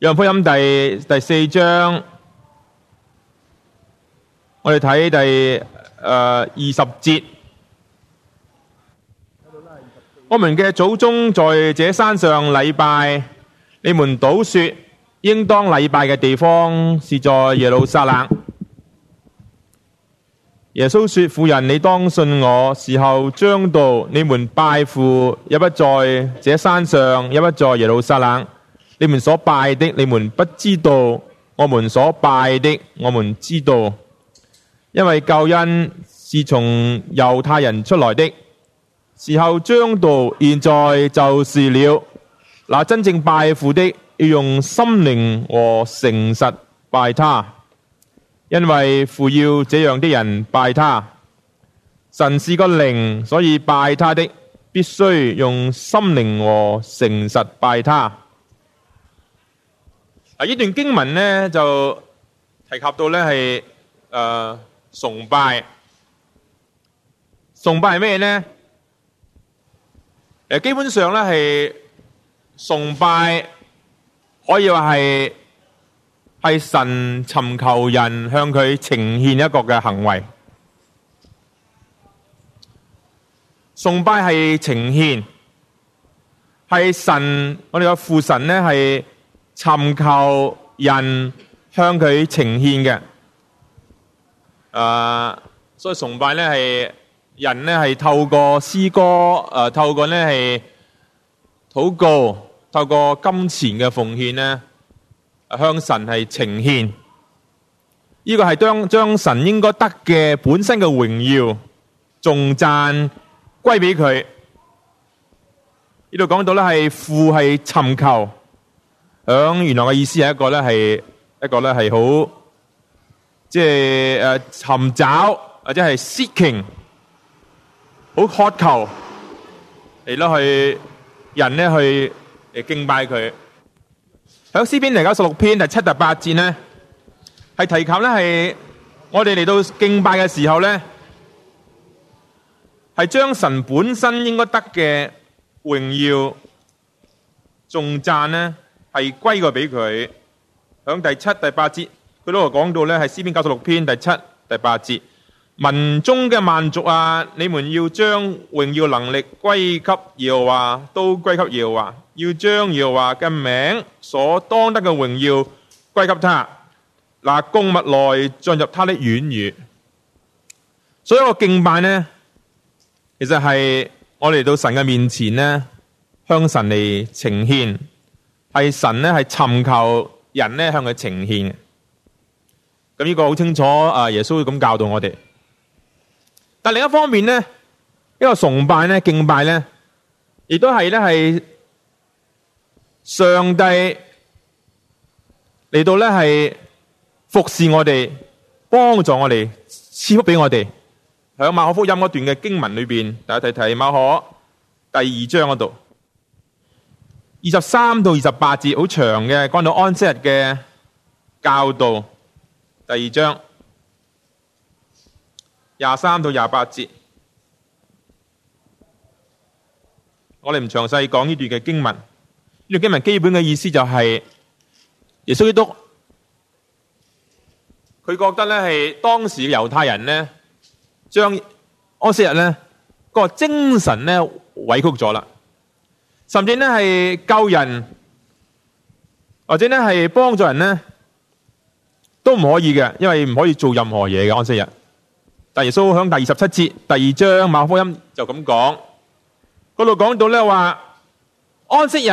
約福音第第四章，我哋睇第、呃、二十節。 我們嘅祖宗在這山上禮拜，你們倒說，應當禮拜嘅地方是在耶路撒冷。 耶穌說：婦 人，你當信我，時候將到，你們拜父也不在這山上，也不在耶路撒冷。你們所拜的，你們不知道；我們所拜的，我們知道。因為救恩是從猶太人出來的時候，將到現在就是了。那真正拜父的要用心靈和誠實拜他，因為父要這樣的人拜他。神是個靈，所以拜他的必須用心靈和誠實拜他。啊！呢段經文咧就提及到咧係誒崇拜，崇拜係咩咧？誒，基本上咧係崇拜，可以話係係神尋求人向佢呈獻一個嘅行為，崇拜係呈獻，係神我哋個父神咧係。尋求人向佢呈獻嘅，誒、uh，所以崇拜咧係人咧係透過詩歌，誒、呃，透過咧係禱告，透過金錢嘅奉獻咧，向神係呈獻。呢、這個係將將神應該得嘅本身嘅榮耀、頌讚歸俾佢。呢度講到咧係父係尋求。響原來嘅意思係一個咧係一個咧係好即係誒尋找或者係 seeking，好渴求嚟咯，去人咧去嚟敬拜佢。響詩篇嚟講九十六篇第七、八節咧係提及咧係我哋嚟到敬拜嘅時候咧係將神本身應該得嘅榮耀仲讚咧。係歸給俾佢，響第七、第八節，佢都話講到呢係詩篇九十六篇第七、第八節，民中嘅萬族啊，你們要將榮耀能力歸給耶和華，都歸給耶和華，要將耶和華嘅名所當得嘅榮耀歸給他。嗱，供物內進入他的軟語，所以我敬拜呢，其實係我嚟到神嘅面前呢，向神嚟呈獻。係神咧，係尋求人咧向佢呈獻嘅。咁呢個好清楚，啊耶穌會咁教導我哋。但另一方面咧，呢個崇拜咧、敬拜咧，亦都係咧係上帝嚟到咧係服侍我哋、幫助我哋、賜福俾我哋。喺馬可福音嗰段嘅經文裏邊，大家睇睇馬可第二章嗰度。二十三到二十八節好長嘅，講到安息日嘅教導第二章，廿三到廿八節，我哋唔詳細講呢段嘅經文。呢段經文基本嘅意思就係耶穌基督，佢覺得咧係當時嘅猶太人咧將安息日咧個精神咧委屈咗啦。甚至呢係救人，或者呢係幫助人呢都唔可以嘅，因為唔可以做任何嘢嘅安息日。但耶穌響第二十七節第二章馬可福音就咁講，嗰度講到呢，話，安息日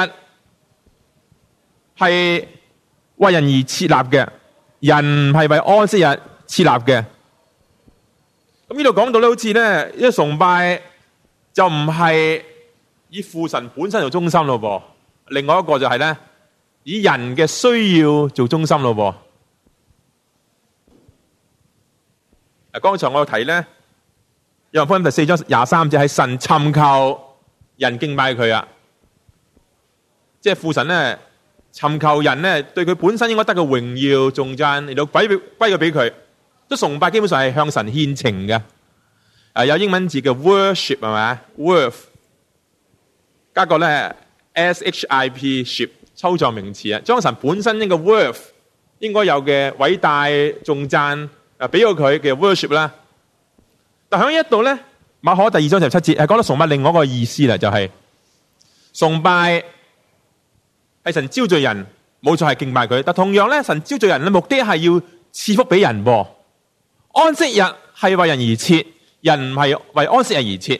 係為人而設立嘅，人係為安息日設立嘅。咁呢度講到呢，好似呢，一崇拜就唔係。以父神本身做中心咯噃，另外一個就係、是、咧以人嘅需要做中心咯噃。嗱，剛才我提咧，約翰福音第四章廿三節係神尋求人敬拜佢啊，即係父神咧尋求人咧對佢本身應該得嘅榮耀，仲讚嚟到歸歸佢俾佢，都崇拜基本上係向神獻情嘅。啊，有英文字嘅 worship 係咪 w o r s h 加個咧，ship 抽象名詞啊！將神本身呢個 worth 應該有嘅偉大重讚啊，俾個佢嘅 worship 啦。但喺呢一度咧，馬可第二章十七節係講到崇拜另外一個意思啦，就是，就係崇拜係神招罪人，冇錯係敬拜佢。但同樣咧，神招罪人嘅目的係要賜福俾人噃，安息日係為人而設，人唔係為安息日而設。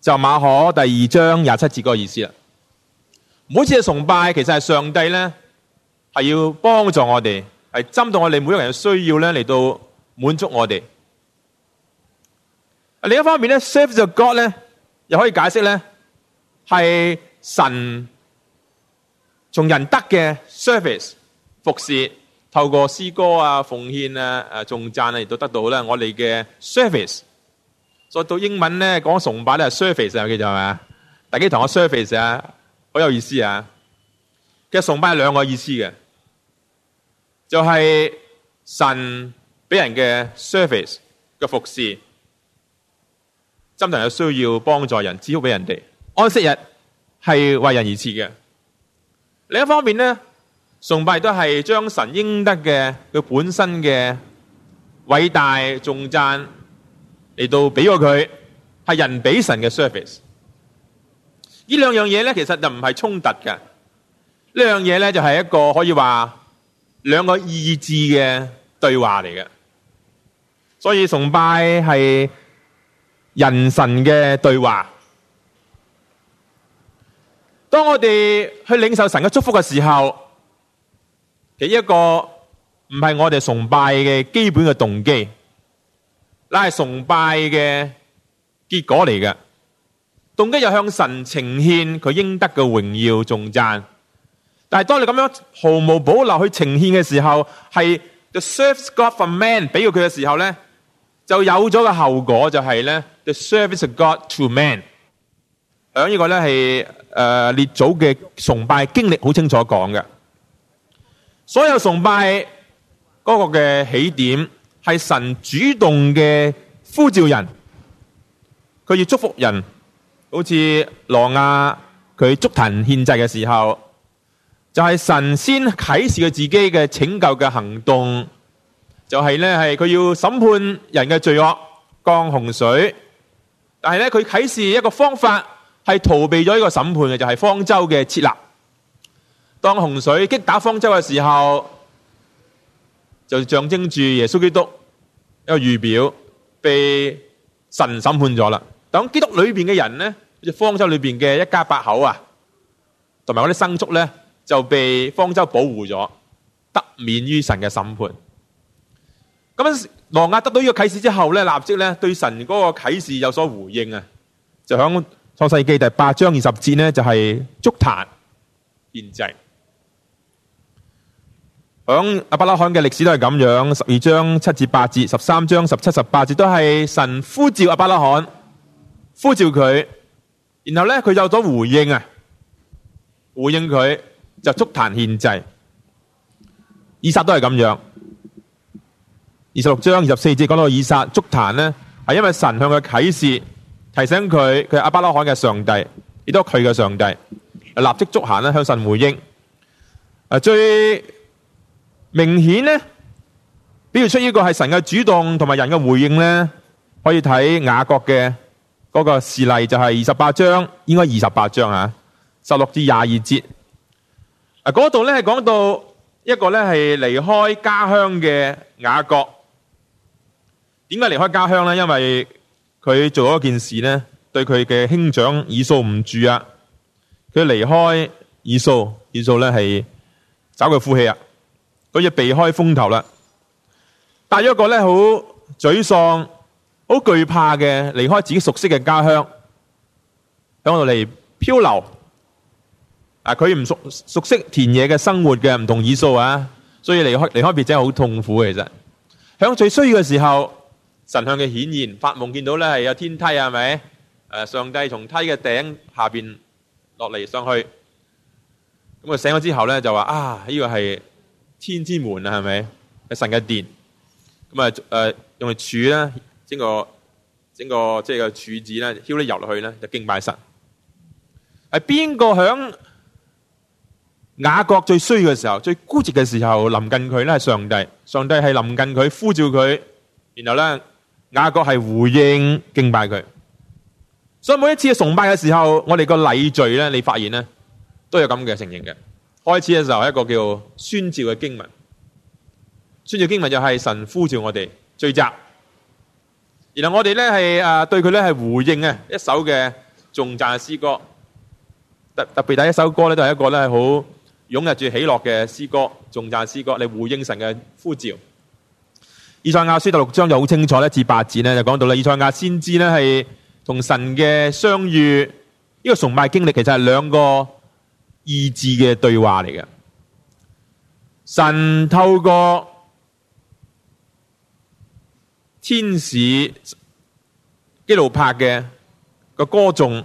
就馬可第二章廿七節嗰個意思啦。每次嘅崇拜其實係上帝咧，係要幫助我哋，係針對我哋每一個人嘅需要咧嚟到滿足我哋。另一方面咧，service of God 咧，又可以解釋咧係神從人得嘅 service 服侍，透過詩歌啊、奉獻啊、誒頌讚啊，亦都得到咧我哋嘅 service。再讀英文咧，講崇拜咧係 service 叫做係咪？大家同我 service 啊，好有意思啊！其實崇拜係兩個意思嘅，就係、是、神俾人嘅 service 嘅服侍，真正係需要幫助人、照顧俾人哋。安息日係為人而設嘅。另一方面咧，崇拜都係將神應得嘅佢本身嘅偉大重讚，重讚。嚟到俾咗佢係人俾神嘅 service，兩呢兩樣嘢咧，其實就唔係衝突嘅。呢樣嘢咧就係、是、一個可以話兩個意志嘅對話嚟嘅。所以崇拜係人神嘅對話。當我哋去領受神嘅祝福嘅時候，其一個唔係我哋崇拜嘅基本嘅動機。嗱，係崇拜嘅結果嚟嘅，動機又向神呈現佢應得嘅榮耀，仲讚。但係當你咁樣毫無保留去呈現嘅時候，係 the service God for man 俾佢嘅時候咧，就有咗個後果就是呢，就係咧 the service of God to man。響呢個咧係誒列祖嘅崇拜經歷好清楚講嘅，所有崇拜嗰個嘅起點，係神主動嘅呼召人，佢要祝福人，好似挪亞佢築壇獻祭嘅時候，就係神先啟示佢自己嘅拯救嘅行動，就係呢，係佢要審判人嘅罪惡，降洪水。但係呢，佢啟示一個方法，係逃避咗呢個審判嘅，就係方舟嘅設立。當洪水擊打方舟嘅時候，就象徵住耶穌基督。一個預表被神審判咗啦，但基督裏邊嘅人呢，好似方舟裏邊嘅一家八口啊，同埋嗰啲牲畜呢，就被方舟保護咗，得免於神嘅審判。咁樣，挪亞得到呢個啟示之後呢，立即呢對神嗰個啟示有所回應啊，就喺創世紀第八章二十節呢，就係築壇獻祭。響亞伯拉罕嘅歷史都係咁樣，十二章七至八節，十三章十七十八節都係神呼召亞伯拉罕，呼召佢，然後咧佢有咗回應啊，回應佢就築壇獻祭，以撒都係咁樣。二十六章二十四節講到以撒築壇呢，係因為神向佢啟示，提醒佢佢係亞伯拉罕嘅上帝，亦都係佢嘅上帝，立即築壇呢，向神回應。啊最。明顯呢，表現出呢個係神嘅主動，同埋人嘅回應呢，可以睇雅各嘅嗰個事例，就係二十八章，應該二十八章啊，十六至廿二節。啊，嗰度呢係講到一個呢係離開家鄉嘅雅各。點解離開家鄉呢？因為佢做咗一件事呢，對佢嘅兄長以掃唔住啊。佢離開以掃，以掃呢係找佢晦氣啊。佢要避開風頭啦，帶咗一個咧，好沮喪、好懼怕嘅，離開自己熟悉嘅家鄉，響度嚟漂流。啊，佢唔熟熟悉田野嘅生活嘅唔同意數啊，所以離開離開別井好痛苦，其實響最需要嘅時候，神向佢顯現，發夢見到咧係有天梯，係咪？誒、啊，上帝從梯嘅頂下邊落嚟上去。咁佢醒咗之後咧就話：，啊，呢、這個係。天之門啊，係咪？係神嘅殿，咁啊誒，用嚟柱咧，整個整個即係個柱子咧，澆啲油落去咧，就敬拜神。係邊個響雅各最衰嘅時候，最孤寂嘅時候，臨近佢咧？係上帝，上帝係臨近佢，呼召佢，然後咧，雅各係回應敬拜佢。所以每一次崇拜嘅時候，我哋個禮序咧，你發現咧，都有咁嘅承認嘅。開始嘅時候，一個叫宣召嘅經文，宣召經文就係神呼召我哋聚集，然後我哋咧係、啊、對佢咧係回應啊一首嘅頌讚詩歌，特特別第一首歌呢就係一個咧係好踴躍住喜樂嘅詩歌，頌讚詩歌嚟回應神嘅呼召。以賽亞書第六章就好清楚，一至八節就講到啦，以賽亞先知呢係同神嘅相遇，呢個崇拜經歷其實係兩個。意志嘅對話嚟嘅，神透過天使基路伯嘅個歌頌，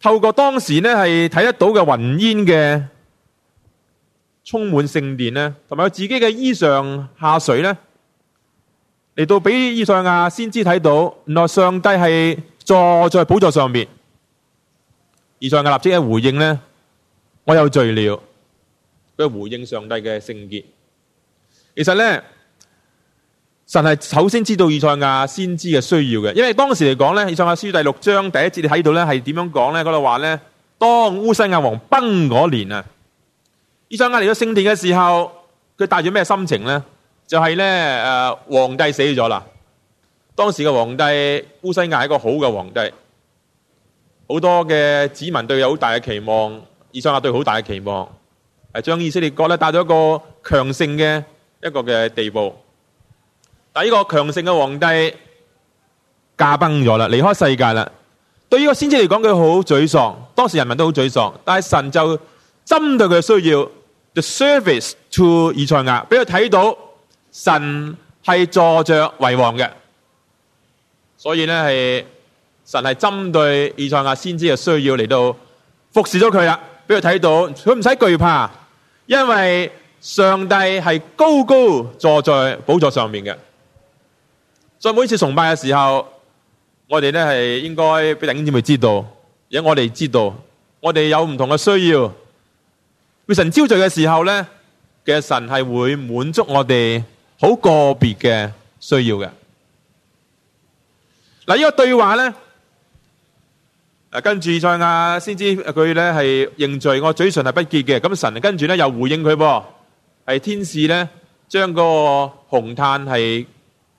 透過當時呢係睇得到嘅雲煙嘅充滿聖殿呢，同埋佢自己嘅衣裳下垂呢，嚟到俾以賽亞先知睇到，原來上帝係坐在寶座上面。以賽亞立即一回應咧，我有罪了。佢回應上帝嘅聖潔。其實咧，神係首先知道以賽亞先知嘅需要嘅，因為當時嚟講咧，以賽亞書第六章第一節你睇到咧係點樣講咧？嗰度話咧，當烏西亞王崩嗰年啊，以賽亞嚟咗聖殿嘅時候，佢帶住咩心情咧？就係、是、咧，誒、呃，皇帝死咗啦。當時嘅皇帝烏西亞係一個好嘅皇帝。好多嘅子民對佢有好大嘅期望，以賽亞對佢好大嘅期望，係將以色列國咧帶咗一個強盛嘅一個嘅地步。但係呢個強盛嘅皇帝駕崩咗啦，離開世界啦。對於呢個先知嚟講，佢好沮喪，當時人民都好沮喪。但係神就針對佢嘅需要，the service to 以賽亞，俾佢睇到神係坐着為王嘅，所以咧係。神係針對以賽亞先知嘅需要嚟到服侍咗佢啦，俾佢睇到佢唔使懼怕，因為上帝係高高坐在寶座上面嘅。所以每次崇拜嘅時候，我哋咧係應該俾弟兄姊妹知道，而我哋知道，我哋有唔同嘅需要。佢神招聚嘅時候咧嘅神係會滿足我哋好個別嘅需要嘅。嗱，呢個對話咧。跟住以賽亞先知佢咧係認罪，我嘴唇係不潔嘅。咁神跟住咧又回應佢，係天使咧將個紅炭係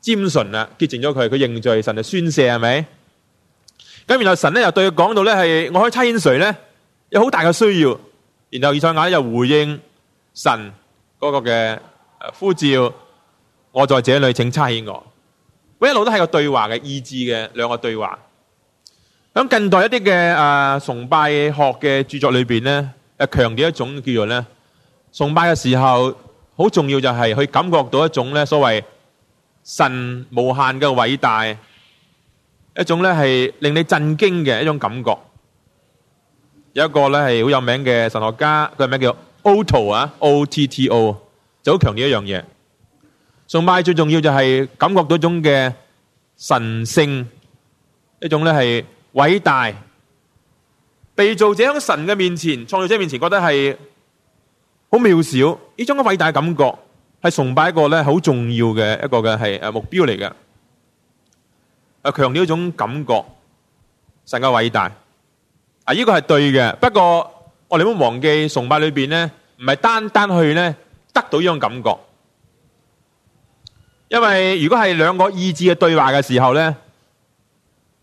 沾唇啦，潔淨咗佢。佢認罪，神就宣赦係咪？咁然後神咧又對佢講到咧係，我可以差遣誰咧？有好大嘅需要。然後以賽亞又回應神嗰個嘅呼召，我在這裏，請差遣我。我一路都係個對話嘅意志嘅兩個對話。咁近代一啲嘅啊崇拜學嘅著作裏邊咧，誒強調一種叫做咧崇拜嘅時候，好重要就係去感覺到一種咧所謂神無限嘅偉大，一種咧係令你震驚嘅一種感覺。有一個咧係好有名嘅神學家，佢名叫 Otto 啊，O T T O，就好強調一樣嘢，崇拜最重要就係感覺到一種嘅神聖，一種咧係。偉大，被造者喺神嘅面前，創造者面前，覺得係好渺小。呢種嘅偉大感覺，係崇拜一個咧，好重要嘅一個嘅係誒目標嚟嘅。誒，強調一種感覺，神嘅偉大。啊，呢個係對嘅。不過我哋唔好忘記崇拜裏邊咧，唔係單單去咧得到呢種感覺。因為如果係兩個意志嘅對話嘅時候咧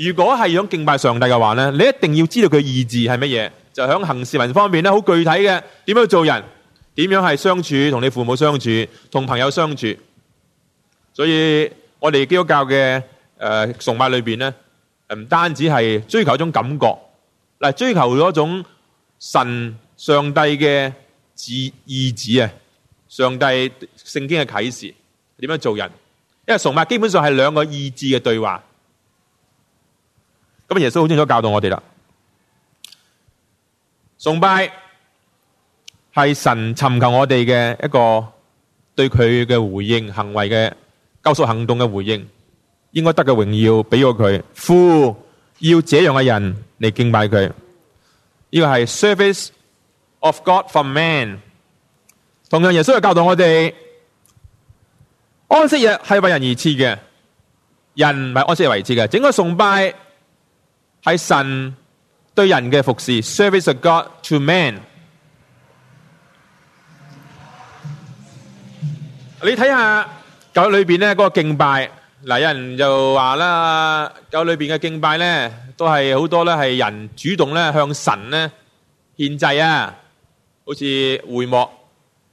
如果係想敬拜上帝嘅話咧，你一定要知道佢意志係乜嘢。就喺行事文方面咧，好具體嘅，點樣做人，點樣係相處，同你父母相處，同朋友相處。所以我哋基督教嘅誒崇拜裏邊咧，唔單止係追求一種感覺，嗱，追求一種神上帝嘅意志啊，上帝聖經嘅啓示，點樣做人？因為崇拜基本上係兩個意志嘅對話。咁耶穌好清楚教導我哋啦，崇拜係神尋求我哋嘅一個對佢嘅回應行為嘅救贖行動嘅回應，應該得嘅榮耀俾過佢。父，要這樣嘅人嚟敬拜佢，呢個係 service of God for man。同樣耶穌又教導我哋，安息日係為人而設嘅，人唔係安息日為設嘅，整個崇拜。係神對人嘅服侍，Service of God to man。你睇下舊裏面呢嗰個敬拜，有人就話啦，舊裏面嘅敬拜呢，都係好多呢係人主動呢向神呢獻祭啊，好似會幕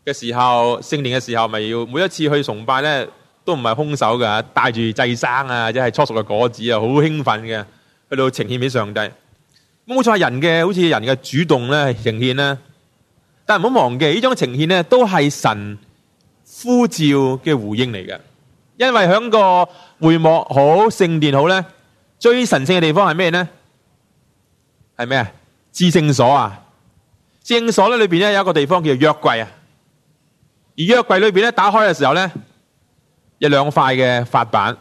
嘅時候，聖殿嘅時候，咪要每一次去崇拜呢，都唔係空手㗎，帶住祭牲啊，或者係初熟嘅果子啊，好興奮嘅。去到呈獻俾上帝，冇錯。好似人嘅好似人嘅主動咧，呈獻咧，但係唔好忘記呢種呈獻咧，都係神呼召嘅回應嚟嘅。因為響個會幕好聖殿好咧，最神聖嘅地方係咩咧？係咩啊？至聖所啊！聖所咧裏邊咧有一個地方叫做約櫃啊。而約櫃裏邊咧打開嘅時候咧，有兩塊嘅法板。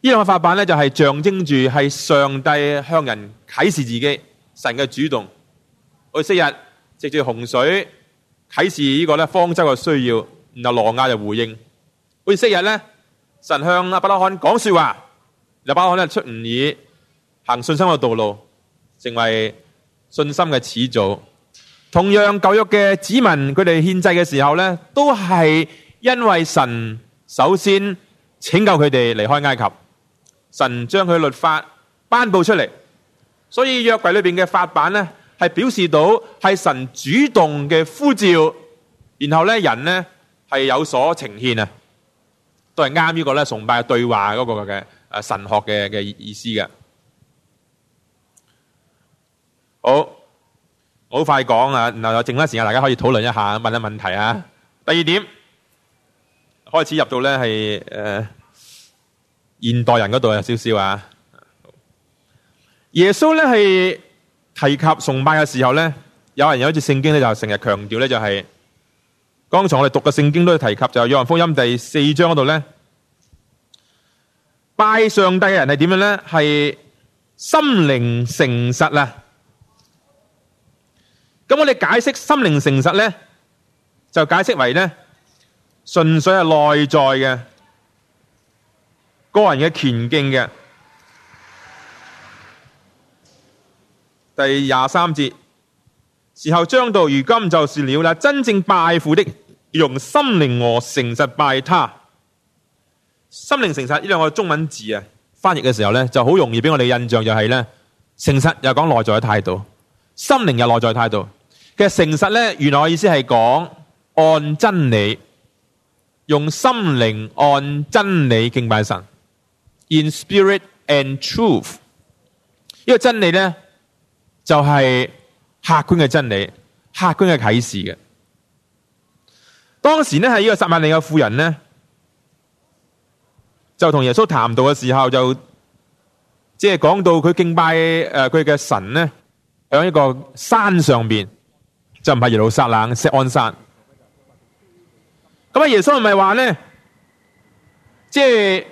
呢兩個法版，咧就係象徵住係上帝向人啟示自己神嘅主動。佢昔日藉住洪水啟示呢個咧方舟嘅需要，然後挪亞就回應。佢昔日咧神向亞伯拉罕講說話，亞伯拉罕咧出吾珥行信心嘅道路，成為信心嘅始祖。同樣舊約嘅子民，佢哋獻祭嘅時候咧，都係因為神首先拯救佢哋離開埃及。神將佢律法頒布出嚟，所以約櫃裏邊嘅法版咧，係表示到係神主動嘅呼召，然後咧人咧係有所呈現是這啊，都係啱呢個咧崇拜對話嗰個嘅誒神學嘅嘅意思嘅。好，好快講啊，然後有剩翻時間大家可以討論一下，問下問題啊。第二點開始入到咧係誒。現代人嗰度有少少啊！耶穌咧係提及崇拜嘅時候咧，有人有一次聖經咧就成日強調咧就係，剛才我哋讀嘅聖經都提及就係約翰福音第四章嗰度咧，拜上帝嘅人係點樣咧？係心靈誠實啦！咁我哋解釋心靈誠實咧，就解釋為咧，純粹係內在嘅。個人嘅虔敬嘅，第廿三節，時候將到，如今就是了啦。真正拜父的，用心靈和誠實拜他。心靈誠實呢兩個中文字啊，翻譯嘅時候呢，就好容易俾我哋印象就係呢，誠實又講內在嘅態度，心靈又內在態度。其實誠實呢，原來我意思係講按真理，用心靈按真理敬拜神。In spirit and truth，呢個真理咧就係、是、客觀嘅真理，客觀嘅啟示嘅。當時咧係呢、這個撒瑪利亞嘅婦人咧，就同耶穌談道嘅時候就，即係講到佢敬拜誒佢嘅神咧，響一個山上邊就唔係耶路撒冷錫安山。咁啊耶穌咪話咧，即、就、係、是。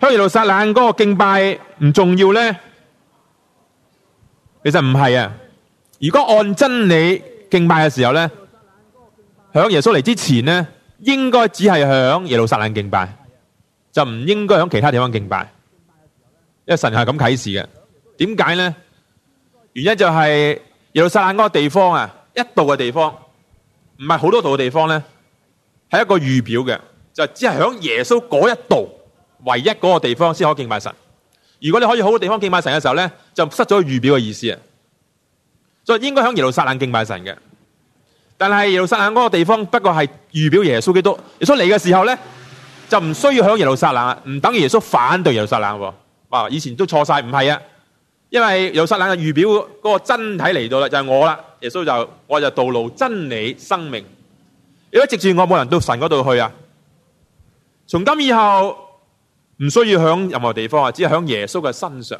響耶路撒冷嗰個敬拜唔重要咧，其實唔係啊。如果按真理敬拜嘅時候咧，響耶穌嚟之前咧，應該只係響耶路撒冷敬拜，就唔應該響其他地方敬拜。因為神係咁啟示嘅，點解咧？原因就係耶路撒冷嗰個地方啊，一度嘅地方，唔係好多度嘅地方咧，係一個預表嘅，就只係響耶穌嗰一度。唯一嗰個地方先可以敬拜神。如果你可以好嘅地方敬拜神嘅時候咧，就失咗預表嘅意思啊。所以應該響耶路撒冷敬拜神嘅，但係耶路撒冷嗰個地方不過係預表耶穌基督，耶穌嚟嘅時候咧，就唔需要響耶路撒冷，唔等於耶穌反對耶路撒冷喎。哇！以前都錯晒，唔係啊，因為耶路撒冷嘅預表嗰個真體嚟到啦，就係我啦。耶穌就，我就道路、真理、生命，如果藉住我，冇人到神嗰度去啊，從今以後。唔需要響任何地方啊，只係響耶穌嘅身上。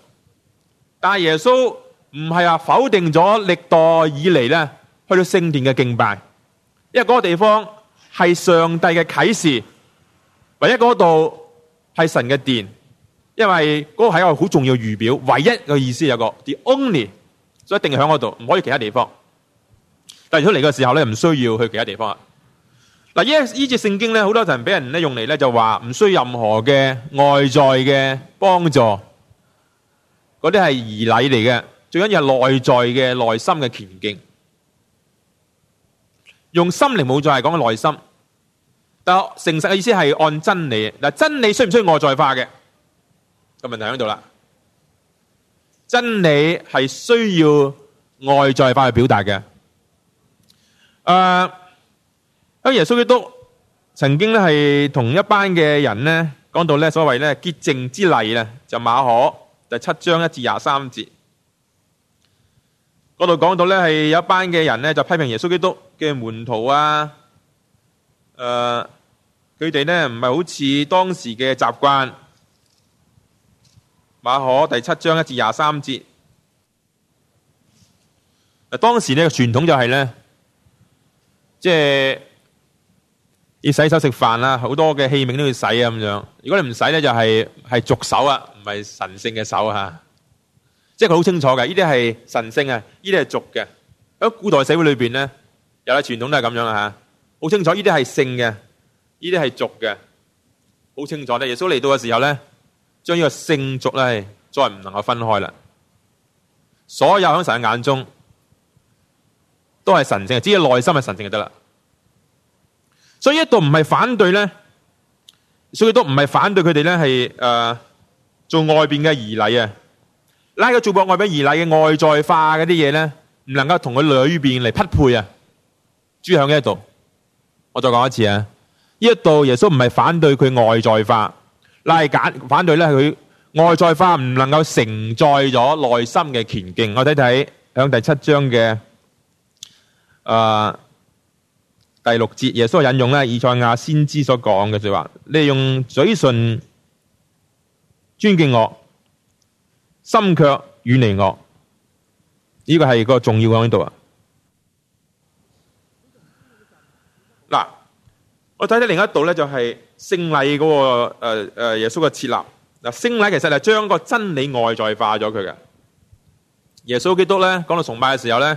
但係耶穌唔係否定咗歷代以嚟，咧去到聖殿嘅敬拜，因為嗰個地方係上帝嘅啟示，唯一嗰度係神嘅殿，因為嗰個係一個好重要預表，唯一嘅意思有個 the only，所以一定要響嗰度，唔可以其他地方。但如果嚟嘅時候咧，唔需要去其他地方啊。嗱，依呢節聖經咧，好多時俾人咧用嚟咧，就話唔需要任何嘅外在嘅幫助，嗰啲係儀禮嚟嘅，最緊要係內在嘅內心嘅乾淨，用心靈冇再係講嘅內心，但誠實嘅意思係按真理。嗱，真理需唔需要外在化嘅？個問題喺度啦，真理係需要外在化去表達嘅，誒、呃。阿耶穌基督曾經咧係同一班嘅人呢講到呢所謂呢潔淨之禮呢就是，馬可第七章一至廿三節嗰度講到呢係有一班嘅人呢就批評耶穌基督嘅門徒啊，誒、呃，佢哋呢唔係好似當時嘅習慣，馬可第七章一至廿三節，當時咧個傳統就係、是、呢即係。要洗手食飯啦，好多嘅器皿都要洗啊，咁樣。如果你唔洗咧，就係係俗手啊，唔係神聖嘅手吓。即係佢好清楚嘅，呢啲係神聖啊，呢啲係俗嘅。喺古代社會裏邊咧，有啲傳統都係咁樣啦吓，好清楚。呢啲係聖嘅，呢啲係俗嘅，好清楚。咧耶穌嚟到嘅時候咧，將呢個聖俗咧再唔能夠分開啦。所有喺神嘅眼中都係神聖，只要內心係神聖就得啦。所以一度唔係反對咧，所以都唔係反對佢哋咧係誒做外邊嘅儀禮啊，拉佢做博外邊儀禮嘅外在化嗰啲嘢咧，唔能夠同佢裏邊嚟匹配啊。注意響呢一度，我再講一次啊，呢一度耶穌唔係反對佢外在化，拉係揀反對咧，佢外在化唔能夠承載咗內心嘅前進。我睇睇響第七章嘅誒。呃第六節，耶穌引用咧以賽亞先知所講嘅說話，你用嘴唇尊敬我，心卻遠離我，呢、呢個係個重要嘅喺度啊！嗱， 我睇睇另一度咧，就係聖禮嗰個誒誒，耶穌嘅設立嗱，聖禮其實係將個真理外在化咗佢嘅。耶穌基督咧，講到崇拜嘅時候咧。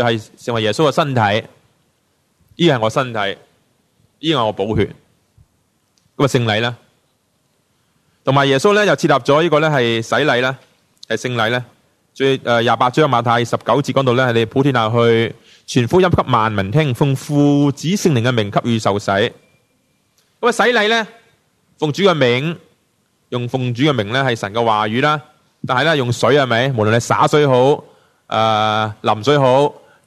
就係成為耶穌嘅身體，依個係我身體，依個係我寶血。咁啊聖禮咧，同埋耶穌咧又設立咗呢個咧係洗禮啦。係聖禮咧。最誒廿八章馬太十九節嗰度咧係你普天下去傳福音給萬民聽，奉父子聖靈嘅名給予受洗。咁啊洗禮咧，奉主嘅名，用奉主嘅名咧係神嘅話語啦。但係咧用水係咪？無論你灑水好，誒、呃、淋水好。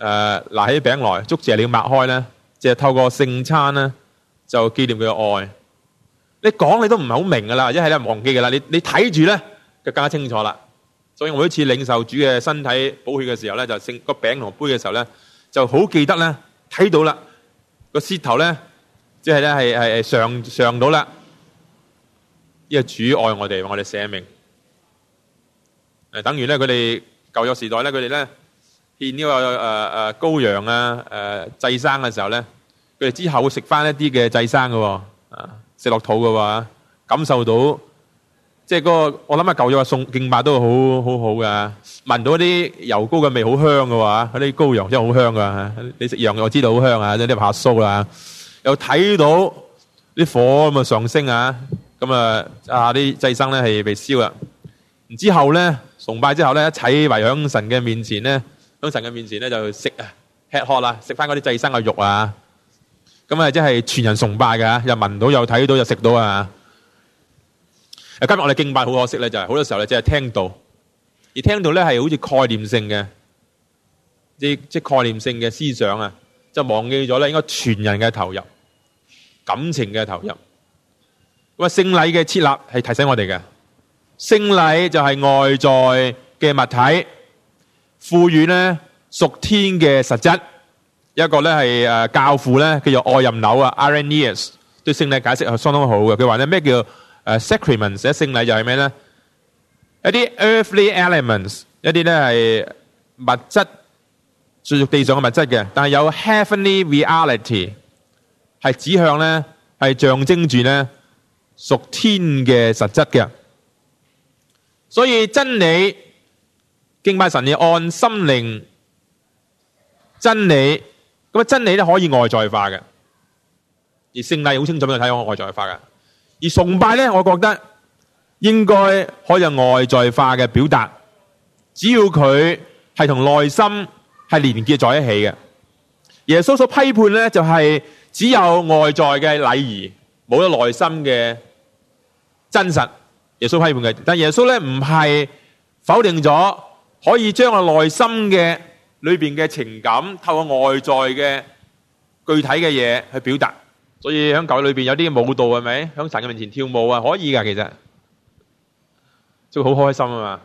誒，拿起餅來，捉住你要擘開咧，即係透過聖餐咧，就紀念佢嘅愛。你講，你都唔係好明噶啦，一係咧忘記噶啦。你你睇住咧，就更加清楚啦。所以我每次領受主嘅身體、寶血嘅時候咧，就聖、那個餅同杯嘅時候咧，就好記得咧，睇到啦個舌頭咧，即係咧係係上上到啦，因為主愛我哋，我哋寫明，誒等於咧佢哋舊約時代咧佢哋咧。見呢個誒誒羔羊啊，誒祭生嘅時候咧，佢哋之後會食翻一啲嘅祭生嘅，啊食落肚嘅話，感受到即係嗰個我諗啊舊嘢話送敬拜都好好好噶，聞到啲油膏嘅味好香嘅話，嗰啲羔羊真係好香噶。你食羊肉我知道好香啊，即係啲白酥啦。又睇到啲火咁啊上升啊，咁啊啊啲祭生咧係被燒啦。然之後咧崇拜之後咧一齊圍喺神嘅面前咧。喺神嘅面前咧，就食啊、吃喝啦，食翻嗰啲祭牲嘅肉啊，咁啊，即係全人崇拜㗎。又聞到又睇到又食到啊！今日我哋敬拜好可惜咧，就係好多時候咧，只係聽到而聽到咧，係好似概念性嘅，啲即係概念性嘅思想啊，就忘記咗咧，應該全人嘅投入、感情嘅投入。咁啊，聖禮嘅設立係提醒我哋嘅，聖禮就係外在嘅物體。賦予咧屬天嘅實質，一個咧係誒教父咧，叫做愛任紐啊，Irenaeus 對聖禮解釋係相當好嘅。佢話咧咩叫誒 sacrament？寫聖禮就係咩咧？一啲 earthly elements，一啲咧係物質，屬於地上嘅物質嘅，但係有 heavenly reality 係指向咧係象徵住咧屬天嘅實質嘅。所以真理。敬拜神你按心靈真理，咁啊真理咧可以外在化嘅，而聖禮好清楚俾我睇，我外在化嘅。而崇拜咧，我覺得應該可以有外在化嘅表達，只要佢係同內心係連結在一起嘅。耶穌所批判咧，就係只有外在嘅禮儀，冇咗內心嘅真實。耶穌批判嘅，但耶穌咧唔係否定咗。可以將我內心嘅裏邊嘅情感，透過外在嘅具體嘅嘢去表達。所以喺教會裏邊有啲嘅舞蹈，係咪？喺神嘅面前跳舞啊，可以噶，其實即係好開心啊嘛。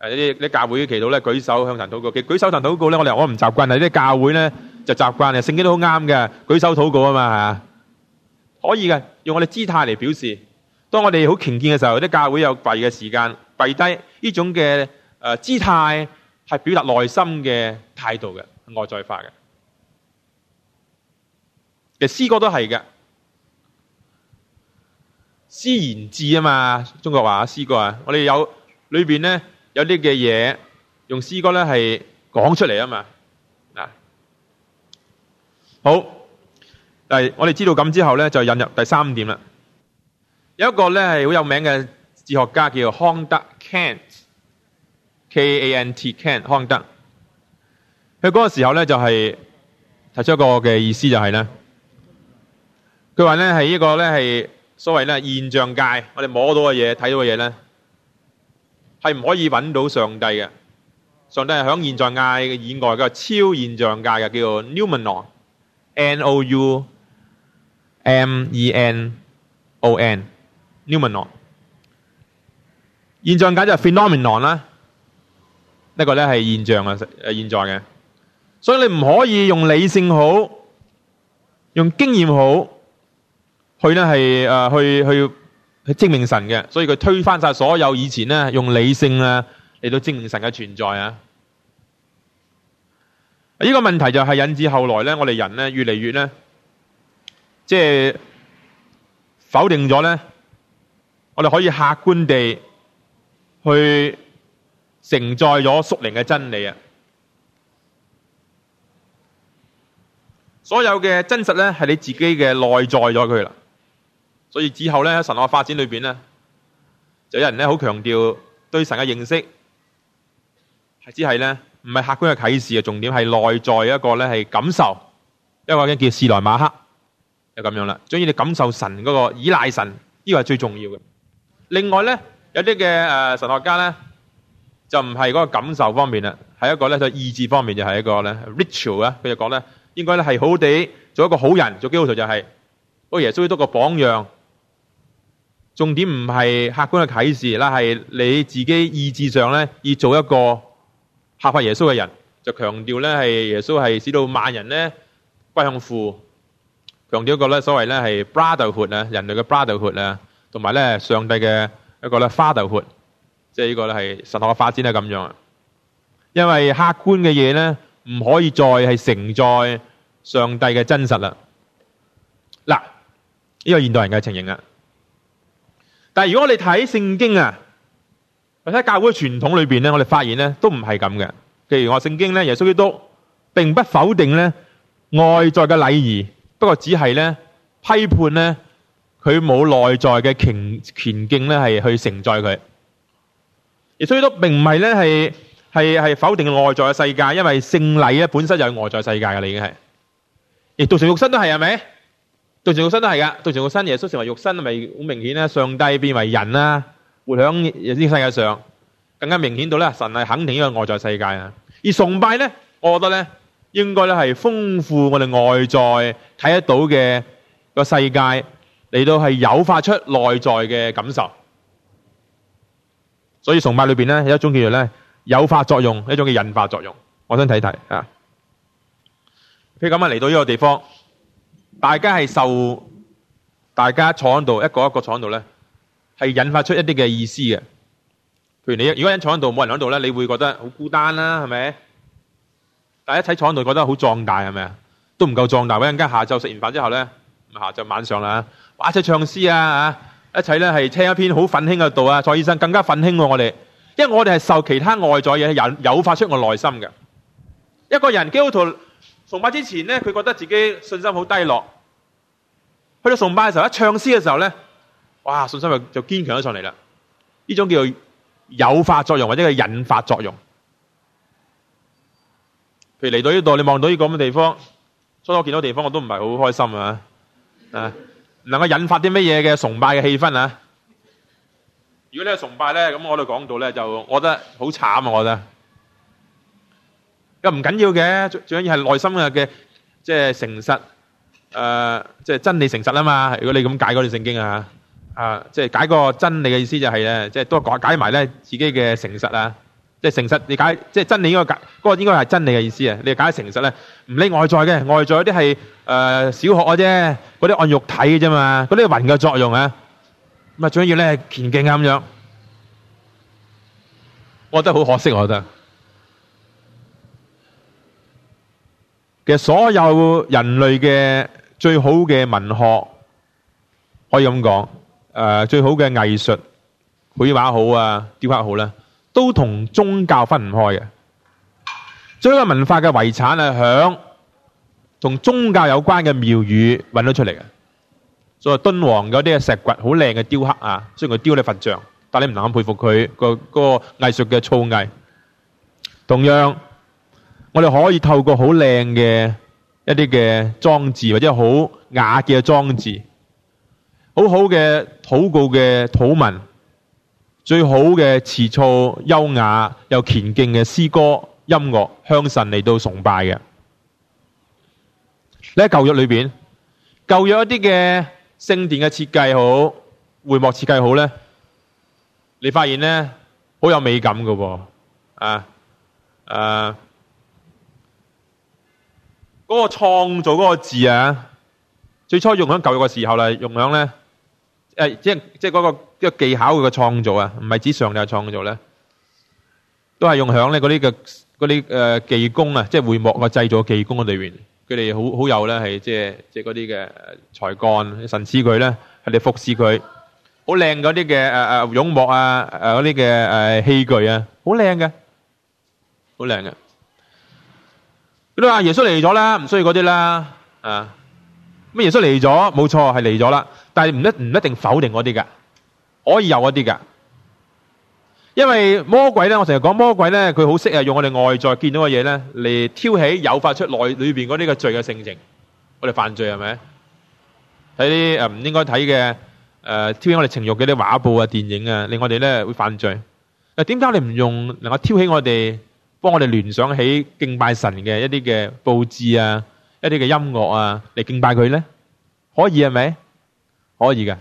誒，呢啲教會嘅祈禱咧，舉手向神禱告，舉舉手神禱告咧，我哋我唔習慣，但係啲教會咧就習慣啊。聖經都好啱嘅，舉手禱告啊嘛，吓，可以嘅，用我哋姿態嚟表示。當我哋好虔敬嘅時候，啲教會有跪嘅時間，跪低呢種嘅。誒、呃，姿態係表達內心嘅態度嘅，外在化嘅。其實詩歌都係嘅，詩言志啊嘛，中國話啊，詩歌啊，我哋有裏邊咧有啲嘅嘢，用詩歌咧係講出嚟啊嘛，嗱、啊，好，第我哋知道咁之後咧，就引入第三點啦。有一個咧係好有名嘅哲學家叫康德，Can。K.A.N.T. Kant 康德，佢嗰個時候咧就係提出一個嘅意思就係咧，佢話咧係依個咧係所謂咧現象界，我哋摸到嘅嘢、睇到嘅嘢咧，係唔可以揾到上帝嘅。上帝係響現象界嘅以外嘅超現象界嘅，叫做 noumenon，N.O.U.M.E.N.O.N. noumenon 現象界就 phenomenon 啦。呢個咧係現象啊，誒，現在嘅，所以你唔可以用理性好，用經驗好去咧係誒去去去證明神嘅，所以佢推翻晒所有以前咧用理性啊嚟到證明神嘅存在啊。呢個問題就係引致後來咧，我哋人咧越嚟越咧，即係否定咗咧，我哋可以客觀地去。承載咗宿靈嘅真理啊！所有嘅真實咧，係你自己嘅內在咗佢啦。所以之後咧，神學發展裏邊咧，就有人咧好強調對神嘅認識，係只係咧唔係客觀嘅啟示嘅重點，係內在一個咧係感受。一個嘅叫士來馬克就咁樣啦，主要你感受神嗰個依賴神，呢個係最重要嘅。另外咧，有啲嘅誒神學家咧。就唔係嗰個感受方面啦，係一個咧，就意志方面就係一個咧，ritual 啊，佢就講咧，應該咧係好哋地做一個好人，做基督徒就係、是，個耶穌多個榜樣。重點唔係客觀嘅啟示啦，係你自己意志上咧，要做一個效怕耶穌嘅人。就強調咧係耶穌係使到萬人咧歸向父。強調一個咧所謂咧係 brother 血啊，hood，人類嘅 brother 血啊，同埋咧上帝嘅一個咧 father 血。即係呢個咧係神學嘅發展係咁樣啊，因為客觀嘅嘢咧唔可以再係承載上帝嘅真實啦。嗱，呢個現代人嘅情形啊，但係如果我哋睇聖經啊，或者教會傳統裏邊咧，我哋發現咧都唔係咁嘅。譬如我聖經咧，耶穌基督並不否定咧外在嘅禮儀，不過只係咧批判咧佢冇內在嘅虔虔敬咧係去承載佢。所以都並唔係咧，係係係否定外在嘅世界，因為聖禮咧本身就係外在世界嘅，已經係，而道成肉身都係，係咪？道成肉身都係噶，道成肉身耶穌成為肉身，係咪好明顯咧，上帝變為人啊，活喺呢個世界上，更加明顯到咧，神係肯定呢個外在世界啊！而崇拜咧，我覺得咧，應該咧係豐富我哋外在睇得到嘅個世界，嚟到係誘發出內在嘅感受。所以崇拜裏邊咧有一種叫做咧有化作用，一種叫引化作用。我想睇睇啊，譬如咁啊嚟到呢個地方，大家係受大家坐喺度，一個一個坐喺度咧，係引發出一啲嘅意思嘅。譬如你如果你坐人坐喺度，冇人坐喺度咧，你會覺得好孤單啦、啊，係咪？但係一齊坐喺度，覺得好壯大，係咪啊？都唔夠壯大，一陣間下晝食完飯之後咧，下晝晚上啦，或者唱詩啊啊！一齊咧係聽一篇好憤興嘅道啊！蔡醫生更加憤興我哋，因為我哋係受其他外在嘢引誘發出我內心嘅。一個人基督徒崇拜之前咧，佢覺得自己信心好低落。去到崇拜嘅時候，一唱詩嘅時候咧，哇，信心就堅強咗上嚟啦！呢種叫做誘發作用或者係引發作用。譬如嚟到呢度，你望到呢個咁嘅地方，所以我見到地方我都唔係好開心啊！啊！能夠引發啲乜嘢嘅崇拜嘅氣氛啊？如果你係崇拜咧，咁我哋講到咧，就我覺得好慘啊！我覺得咁唔緊要嘅，最最緊要係內心嘅，即係誠實誒，即係真理誠實啊嘛！如果你咁解嗰段聖經啊，啊，即係解個真理嘅意思就係咧，即係都解埋咧自己嘅誠實啊。即係誠實，你解即係真理應該解，嗰個應該係真理嘅意思啊！你解誠實咧，唔理外在嘅，外在啲係誒小學嘅啫，嗰啲按肉體嘅啫嘛，嗰啲雲嘅作用啊，咁啊，最緊要你係虔敬咁樣，我覺得好可惜，我覺得其實所有人類嘅最好嘅文學，可以咁講，誒、呃、最好嘅藝術，繪畫好啊，雕刻好啦。都同宗教分唔開嘅，所以個文化嘅遺產啊，響同宗教有關嘅廟宇揾咗出嚟嘅。所以敦煌有啲嘅石骨好靚嘅雕刻啊，雖然佢雕你佛像，但你唔能佩服佢、嗰個嗰個藝術嘅造詣。同樣，我哋可以透過好靚嘅一啲嘅裝置，或者好雅嘅裝置，很好好嘅禱告嘅禱文。最好嘅詞措優雅又乾淨嘅詩歌、音樂、香神嚟到崇拜嘅。你喺舊約裏邊，舊約一啲嘅聖殿嘅設計好、會幕設計好咧，你發現咧好有美感嘅喎、啊。啊嗰、啊那個創造嗰個字啊，最初用喺舊約嘅時候咧用響咧。誒，即係即係嗰個即係技巧嘅創造啊，唔係指上帝創造咧，都係用響咧嗰啲嘅嗰啲誒技工啊，即係會幕嘅製作技工嘅裏邊，佢哋好好有咧，係即係即係嗰啲嘅才幹，神賜佢咧，佢哋服侍佢，好靚嗰啲嘅誒誒，絨幕啊，誒嗰啲嘅誒器具啊，好靚嘅，好靚嘅。佢都話耶穌嚟咗啦，唔需要嗰啲啦，啊，咁耶穌嚟咗，冇錯係嚟咗啦。但係唔一唔一定否定嗰啲噶，可以有嗰啲噶，因為魔鬼咧，我成日講魔鬼咧，佢好識啊，用我哋外在見到嘅嘢咧，嚟挑起、誘發出內裏邊嗰啲嘅罪嘅性情，我哋犯罪係咪？睇啲誒唔應該睇嘅誒，挑起我哋情欲嘅啲畫布啊、電影啊，令我哋咧會犯罪。誒，點解你唔用能夠挑起我哋，幫我哋聯想起敬拜神嘅一啲嘅布置啊，一啲嘅音樂啊，嚟敬拜佢咧？可以係咪？是可以嘅，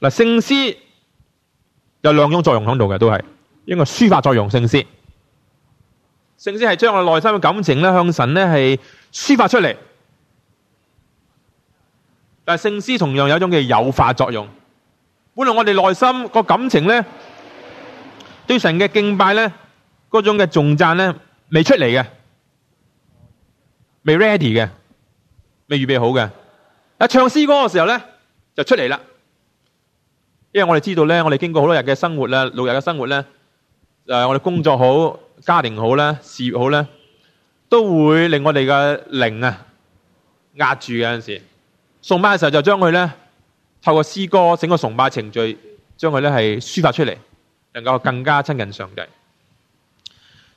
嗱，聖詩有兩種作用喺度嘅，都係一個抒發作用。聖詩，聖詩係將我內心嘅感情咧，向神咧係抒發出嚟。但係聖詩同樣有一種嘅誘發作用。本來我哋內心個感情咧，對神嘅敬拜咧，嗰種嘅頌讚咧，未出嚟嘅，未 ready 嘅，未預備好嘅。唱詩歌嘅時候咧，就出嚟啦。因為我哋知道咧，我哋經過好多日嘅生活咧，六日嘅生活咧，誒、呃，我哋工作好，家庭好咧，事業好咧，都會令我哋嘅靈啊壓住嘅。有時崇拜嘅時候就將佢咧透過詩歌整個崇拜程序，將佢咧係抒發出嚟，能夠更加親近上帝。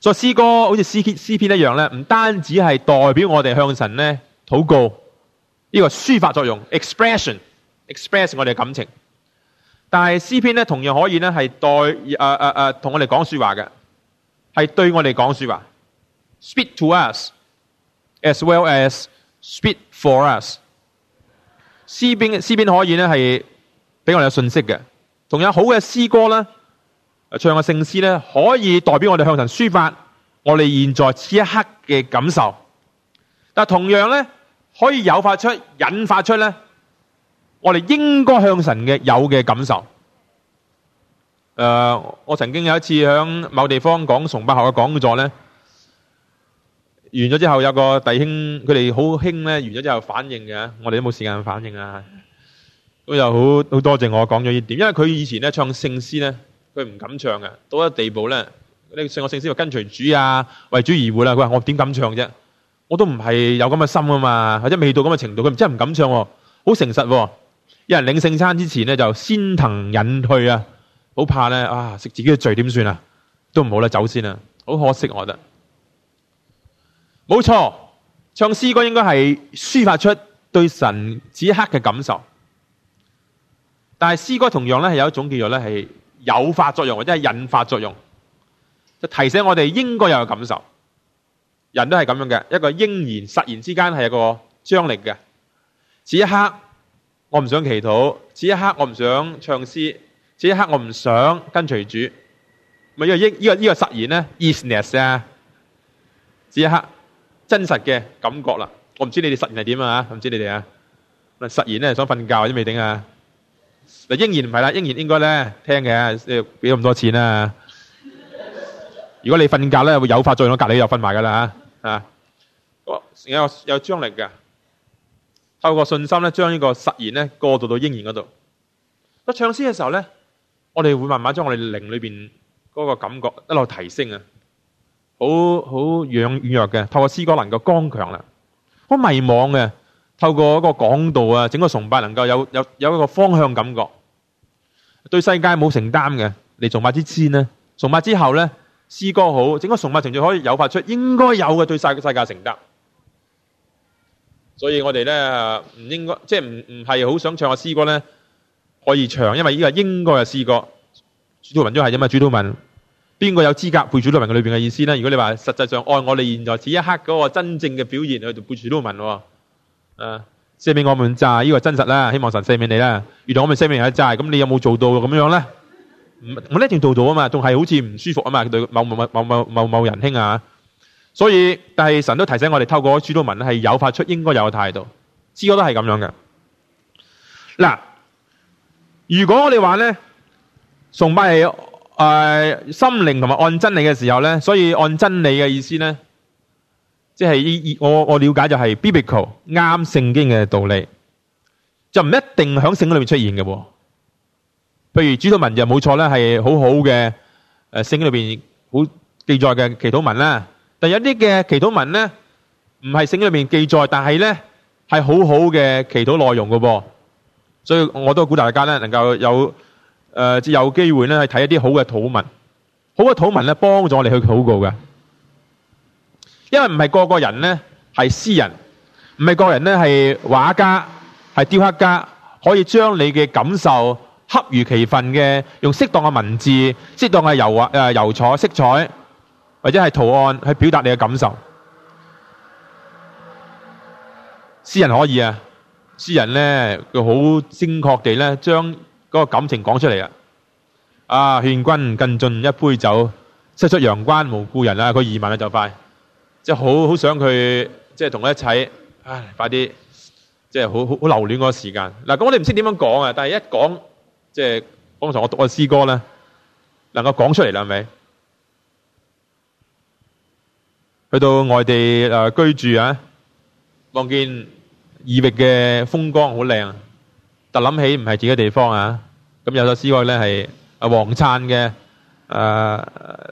所以詩歌好似詩篇一樣咧，唔單止係代表我哋向神咧禱告。呢個抒發作用，expression express 我哋嘅感情。但係詩篇咧，同樣可以咧係代誒誒誒，同、uh, uh, uh, 我哋講說話嘅，係對我哋講說話，speak to us，as well as speak for us。詩篇詩篇可以咧係俾我哋信息嘅，同樣好嘅詩歌咧，唱嘅聖詩咧，可以代表我哋向神抒發我哋現在此一刻嘅感受。但同樣咧。可以引發出、引發出咧，我哋應該向神嘅有嘅感受。誒，我曾經有一次響某地方講崇拜學嘅講座咧，完咗之後有個弟兄，佢哋好興咧，完咗之後反應嘅，我哋都冇時間反應啊。咁又好好多謝我講咗呢點，因為佢以前咧唱聖詩咧，佢唔敢唱嘅，到咗地步咧，你唱個聖詩要跟隨主啊，為主而活啦。佢話我點敢唱啫？我都唔係有咁嘅心啊嘛，或者未到咁嘅程度，佢真係唔敢唱，好誠實。有人領聖餐之前呢，就先騰隱退啊，好怕咧啊，食自己嘅罪點算啊？都唔好啦，走先啦。好可惜，我覺得冇錯，唱詩歌應該係抒發出對神此刻嘅感受。但係詩歌同樣咧，係有一種叫做咧係誘發作用或者係引發作用，就提醒我哋應該有嘅感受。人都係咁樣嘅，一個應然、實然之間係一個張力嘅。此一刻我唔想祈禱，此一刻我唔想唱詩，此一刻我唔想跟隨主。咪因為應呢個呢個實然咧，isness 啊。此一刻真實嘅感覺啦，我唔知你哋實然係點啊吓，唔知你哋啊？嗱，實然咧想瞓覺都未定啊。嗱，應然唔係啦，應然應該咧聽嘅，俾咗咁多錢啊。如果你瞓覺咧，會誘發再我隔籬又瞓埋噶啦啊！啊！有有張力嘅，透過信心咧，將呢個實然咧過渡到應然嗰度。個唱詩嘅時候咧，我哋會慢慢將我哋靈裏邊嗰個感覺一路提升啊！好好軟弱嘅，透過詩歌能夠剛強啦。好迷茫嘅，透過一個講道啊，整個崇拜能夠有有有一個方向感覺。對世界冇承擔嘅，你崇拜之先咧，崇拜之後咧。詩歌好，整個崇拜程序可以誘發出應該有嘅對晒世界承擔。所以我哋咧唔應該，即係唔唔係好想唱個詩歌咧可以唱，因為呢個應該係詩歌，主禱文都係，因為主禱文邊個有資格背主禱文嘅裏邊嘅意思咧？如果你話實際上愛我哋現在，在此一刻嗰個真正嘅表現去背主禱文，哦，誒、啊，赦免我們債呢，這個真實啦。希望神赦免你啦，原諒我們赦免你一債。咁你有冇做到咁樣咧？唔，我呢一定做做啊嘛，仲係好似唔舒服啊嘛，對某某某某某某人兄啊，所以但係神都提醒我哋透過主導文係誘發出應該有嘅態度，知我都係咁樣嘅。嗱，如果我哋話咧崇拜誒、呃、心靈同埋按真理嘅時候咧，所以按真理嘅意思咧，即、就、係、是、我我了解就係 biblical 啱聖經嘅道理，就唔一定響聖經裏面出現嘅、啊。譬如主禱文就冇錯啦，係好好嘅，誒，聖經裏邊好記載嘅祈禱文啦。但有啲嘅祈禱文咧，唔係聖經裏邊記載，但係咧係好好嘅祈禱內容㗎噃。所以我都鼓大家咧，能夠有誒，有機會咧去睇一啲好嘅禱文，好嘅禱文咧幫助我哋去禱告嘅。因為唔係個個人咧係詩人，唔係個個人咧係畫家，係雕刻家，可以將你嘅感受。恰如其分嘅，用適當嘅文字、適當嘅油啊、誒、油彩、色彩或者係圖案去表達你嘅感受。詩人可以啊，詩人咧佢好精確地咧將嗰個感情講出嚟啊！啊，勸君更盡一杯酒，西出陽關無故人啊！佢移民啊就快，即係好好想佢即係同佢一齊，唉，快啲，即係好好留戀嗰個時間。嗱，咁我哋唔知點樣講啊，但係一講。即係剛才我讀嘅詩歌咧，能夠講出嚟啦，係咪？去到外地誒、呃、居住啊，望見異域嘅風光好靚，就諗起唔係自己嘅地方啊，咁有首詩歌咧係阿王粲嘅誒《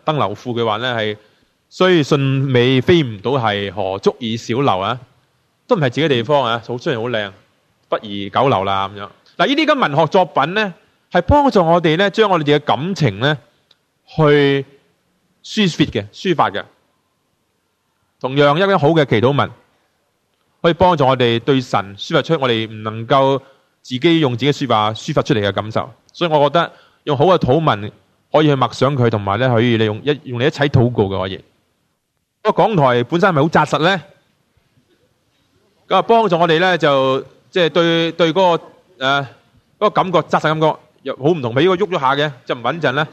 登、呃、樓賦》嘅話咧係，雖信美非唔到係何足以少留啊，都唔係自己嘅地方啊，好雖然好靚，不宜久留啦咁、啊、樣。嗱，呢啲咁文學作品咧。係幫助我哋咧，將我哋嘅感情咧，去抒發嘅，抒發嘅。同樣一啲好嘅祈禱文，可以幫助我哋對神抒發出來我哋唔能夠自己用自己說話抒發出嚟嘅感受。所以我覺得用好嘅禱文可以去默想佢，同埋咧可以利用一用你一齊禱告嘅可以。個講台本身係咪好紮實咧？咁啊，幫助我哋咧就即係，就是，對對嗰，那個誒嗰，呃那個感覺紮實感覺。好唔同，俾呢個喐咗下嘅，就唔穩陣咧。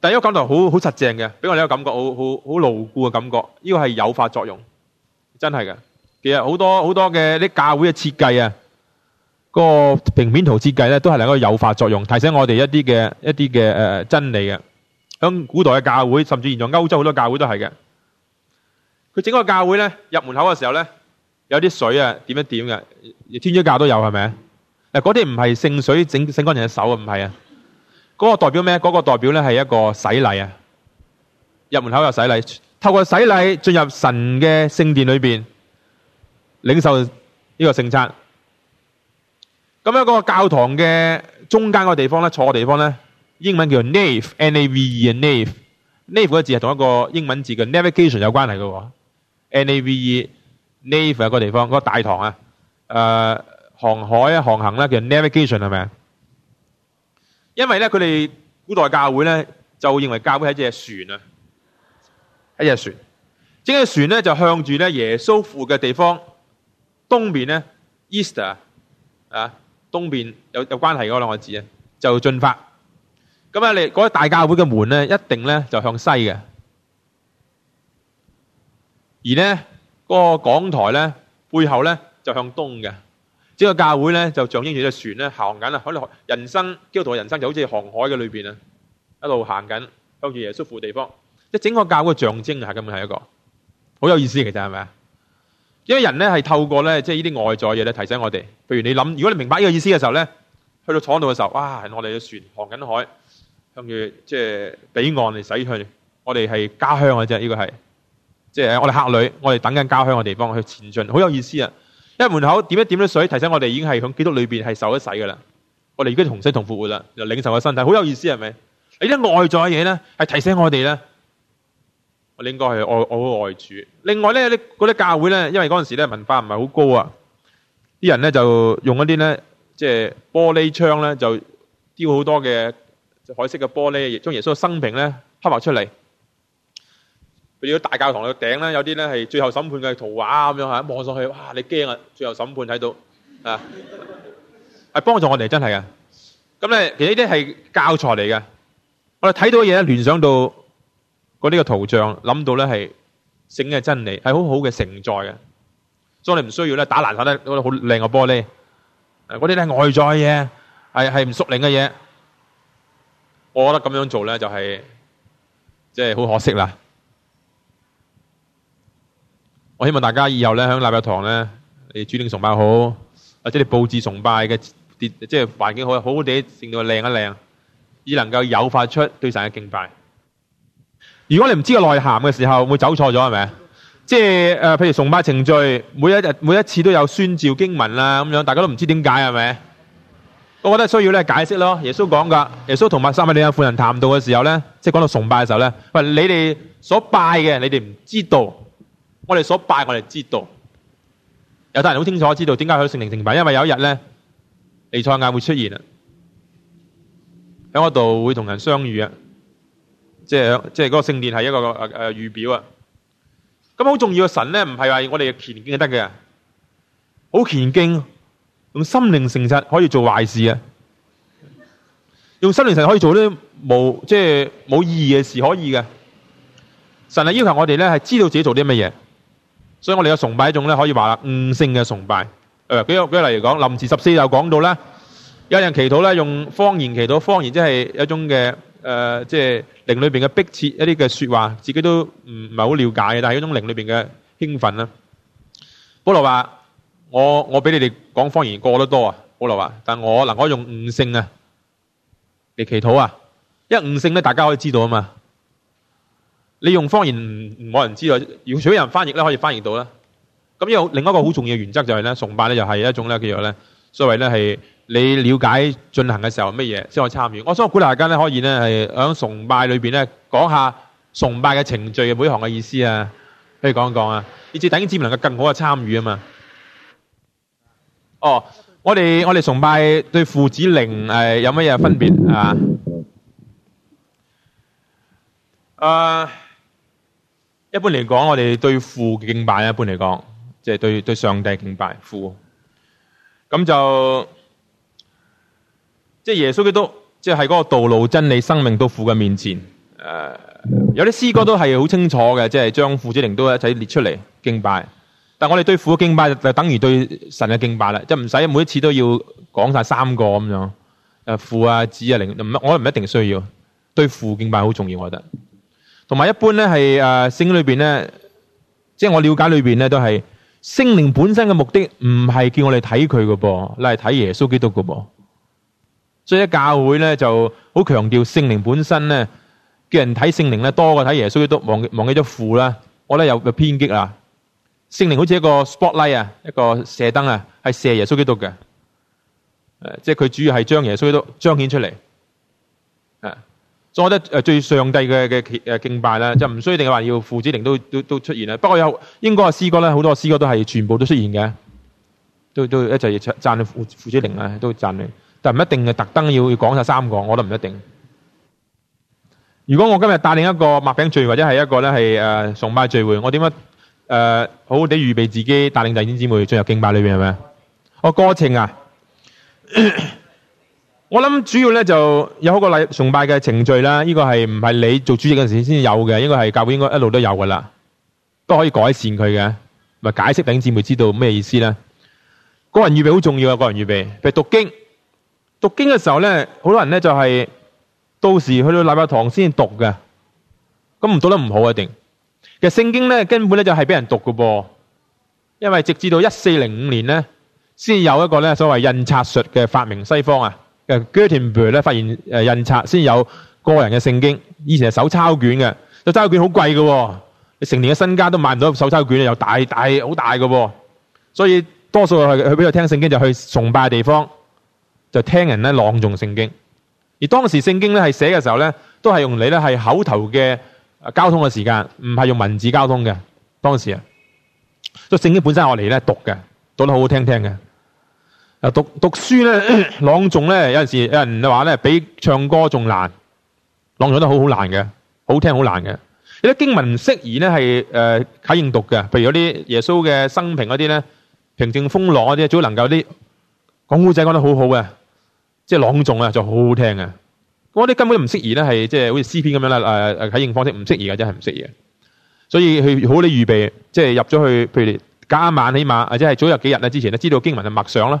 但係呢個感覺好好實正嘅，俾我哋一個感覺，好好好牢固嘅感覺。呢個係誘發作用，真係嘅。其實好多好多嘅啲教會嘅設計啊，個平面圖設計咧，都係能夠誘發作用，提醒我哋一啲嘅一啲嘅誒真理嘅。咁古代嘅教會，甚至現在歐洲好多教會都係嘅。佢整個教會咧，入門口嘅時候咧，有啲水啊，點一點嘅，天主教都有係咪？嗱，嗰啲唔係聖水整聖乾淨嘅手啊，唔係啊，嗰個代表咩？嗰、嗰個代表咧係一個洗禮啊，入門口有洗禮，透過洗禮進入神嘅聖殿裏邊，領受呢個聖餐。咁樣嗰個教堂嘅中間嗰個地方咧，坐嘅地方咧，英文叫 nave，n-a-v-e，nave，nave e e 嗰個字係同一個英文字嘅 navigation 有關係嘅喎，n-a-v-e，nave e 有、e, e, 個地方，嗰個大堂啊，誒、呃。航海啊，航行咧，叫 navigation 係咪啊？因為咧，佢哋古代教會咧就認為教會係隻船，一隻船，隻船啊，一隻船。隻隻船咧就向住咧耶穌赴嘅地方東邊咧，east 啊，啊東邊有有關係嘅兩個字啊，就進發。咁啊，你嗰個大教會嘅門咧，一定咧就向西嘅，而呢、嗰個講台咧背後咧就向東嘅。整個教會咧就象徵住隻船咧行緊啦，可能人生基督徒嘅人生就好似航海嘅裏邊啊，一路行緊向住耶穌父嘅地方。即整個教會嘅象徵係根本係一個好有意思，其實係咪啊？因為人咧係透過咧即係呢啲外在嘢咧提醒我哋。譬如你諗，如果你明白呢個意思嘅時候咧，去到廠度嘅時候，哇！我哋嘅船航緊海，向住即係彼岸嚟駛去，我哋係家鄉嘅啫。呢個係即係我哋客旅，我哋等緊家鄉嘅地方去前進，好有意思啊！因為門口點一點啲水，提醒我哋已經係響基督裏邊係受咗洗噶啦，我哋已經同死同復活啦，又領受個身體，好有意思係咪？你啲外在嘅嘢咧，係提醒我哋咧，我應該係外好外主。另外咧，啲嗰啲教會咧，因為嗰陣時咧文化唔係好高啊，啲人咧就用一啲咧，即係玻璃窗咧就雕好多嘅彩色嘅玻璃，亦將耶穌嘅生平咧刻畫出嚟。譬如啲大教堂嘅頂咧，有啲咧係最後審判嘅圖畫咁樣吓，望上去哇，你驚啊！最後審判睇到啊，係幫助我哋真係啊。咁咧，其實呢啲係教材嚟嘅。我哋睇到嘢咧，聯想到嗰啲個圖像，諗到咧係聖嘅真理，係好好嘅承載嘅。所以唔需要咧打爛晒咧嗰啲好靚嘅玻璃。誒，嗰啲咧外在嘅嘢，係係唔屬靈嘅嘢。我覺得咁樣做咧就係，即係好可惜啦。我希望大家以後咧喺禮拜堂咧，你主領崇拜好，或者你布置崇拜嘅，即係環境好，好好哋，令到靚一靚，以能夠誘發出對神嘅敬拜。如果你唔知個內涵嘅時候，會走錯咗係咪？即係誒、呃，譬如崇拜程序，每一日每一次都有宣召經文啦，咁樣大家都唔知點解係咪？我覺得需要咧解釋咯。耶穌講噶，耶穌同埋撒瑪利亞婦人談到嘅時候咧，即係講到崇拜嘅時候咧，你哋所拜嘅，你哋唔知道。我哋所拜，我哋知道，有啲人好清楚知道點解佢聖靈成敗，因為有一日咧，尼賽亞會出現啦，喺嗰度會同人相遇啊，即係即係嗰個聖殿係一個誒誒、呃、預表啊。咁好重要嘅神咧，唔係話我哋嘅虔敬得嘅，好虔敬，用心靈誠實可以做壞事啊，用心靈誠實可以做啲冇即係冇意義嘅事可以嘅。神係要求我哋咧係知道自己做啲乜嘢。所以我哋有崇拜一種咧，可以話悟性嘅崇拜。誒，舉舉例嚟講，林前十四又講到咧，有人祈禱咧，用方言祈禱。方言即係一種嘅誒，即係靈裏邊嘅迫切一啲嘅說話，自己都唔唔係好了解嘅，但係嗰種靈裏邊嘅興奮啦。保羅話：我我俾你哋講方言過得多啊！保羅話，但我能夠用悟性啊嚟祈禱啊，因為悟性咧，大家可以知道啊嘛。你用方言唔冇人知道，如果少人翻譯咧，可以翻譯到啦。咁有另一個好重要嘅原則就係、是、咧，崇拜咧就係一種咧叫做咧，所謂咧係你了解進行嘅時候乜嘢先可以參與。我想我鼓勵大家咧可以咧係喺崇拜裏邊咧講下崇拜嘅程序每一項嘅意思啊，譬如，講一講啊，以至等，以至能夠更好嘅參與啊嘛。哦，我哋我哋崇拜對父子靈係有乜嘢分別啊？誒。呃一般嚟講，我哋對父嘅敬拜，一般嚟講，即係對對上帝敬拜父，咁就即係耶穌基督都即係喺嗰個道路、真理、生命都父嘅面前。誒，有啲詩歌都係好清楚嘅，即係將父子靈都一齊列出嚟敬拜。但係我哋對父嘅敬拜就等於對神嘅敬拜啦，即係唔使每一次都要講晒三個咁樣誒，父啊、子啊、靈，唔我唔一定需要對父敬拜好重要，我覺得。同埋一般咧，係誒聖經裏邊咧，即係我了解裏邊咧，都係聖靈本身嘅目的，唔係叫我哋睇佢嘅噃，你係睇耶穌基督嘅噃。所以喺教會咧，就好強調聖靈本身咧，叫人睇聖靈咧多過睇耶穌基督，忘忘記咗父啦。我呢有個偏激啦，聖靈好似一個 spotlight 啊，一個射燈啊，係射耶穌基督嘅。誒，即係佢主要係將耶穌基督彰顯出嚟。所以咧，誒最上帝嘅嘅誒敬拜咧，就唔需要定話要父子靈都都都出現咧。不過有應該個詩歌咧，好多個詩歌都係全部都出現嘅，都都一齊讚讚父父子靈啊，都讚但唔一定嘅，特登要要講晒三個，我都唔一定。如果我今日帶領一個麥餅聚或者係一個咧係誒崇拜聚會，我點樣誒、呃、好好地預備自己帶領弟兄姊妹進入敬拜裏邊係咪啊？個過程啊～ 我諗主要咧就有好個禮崇拜嘅程序啦，呢、這個係唔係你做主席嗰陣時先有嘅，應該係教會應該一路都有噶啦，都可以改善佢嘅，咪解釋俾姊妹知道咩意思啦。個人預備好重要啊！個人預備，譬如讀經，讀經嘅時候咧，好多人咧就係到時去到禮拜堂先讀嘅，咁唔讀得唔好一定。其實聖經咧根本咧就係俾人讀嘅噃，因為直至到一四零五年咧先有一個咧所謂印刷術嘅發明，西方啊。誒 Gutenberg 咧發現誒，印刷先有個人嘅聖經，以前係手抄卷嘅，手抄卷好貴嘅，你成年嘅身家都買唔到手抄卷，又大大好大嘅，所以多數係去邊度聽聖經，就去崇拜嘅地方，就聽人咧朗誦聖經。而當時聖經咧係寫嘅時候咧，都係用嚟咧係口頭嘅交通嘅時間，唔係用文字交通嘅。當時啊，所以聖經本身我嚟咧讀嘅，讀得好好聽聽嘅。啊讀讀書咧朗誦咧有陣時有人嘅話咧比唱歌仲難，朗誦都好好難嘅，好聽好難嘅。有啲經文唔適宜咧係誒啟應讀嘅，譬如有啲耶穌嘅生平嗰啲咧平靜風浪嗰啲，早能夠啲講古仔講得好好嘅，即係朗誦啊就好好聽嘅。嗰啲根本唔適宜咧係即係好似詩篇咁樣啦，誒誒啟應方式唔適宜嘅，真係唔適宜，所以去好啲預備即係入咗去，譬如加晚起碼或者係早有幾日啦，之前咧知道經文嘅默想啦。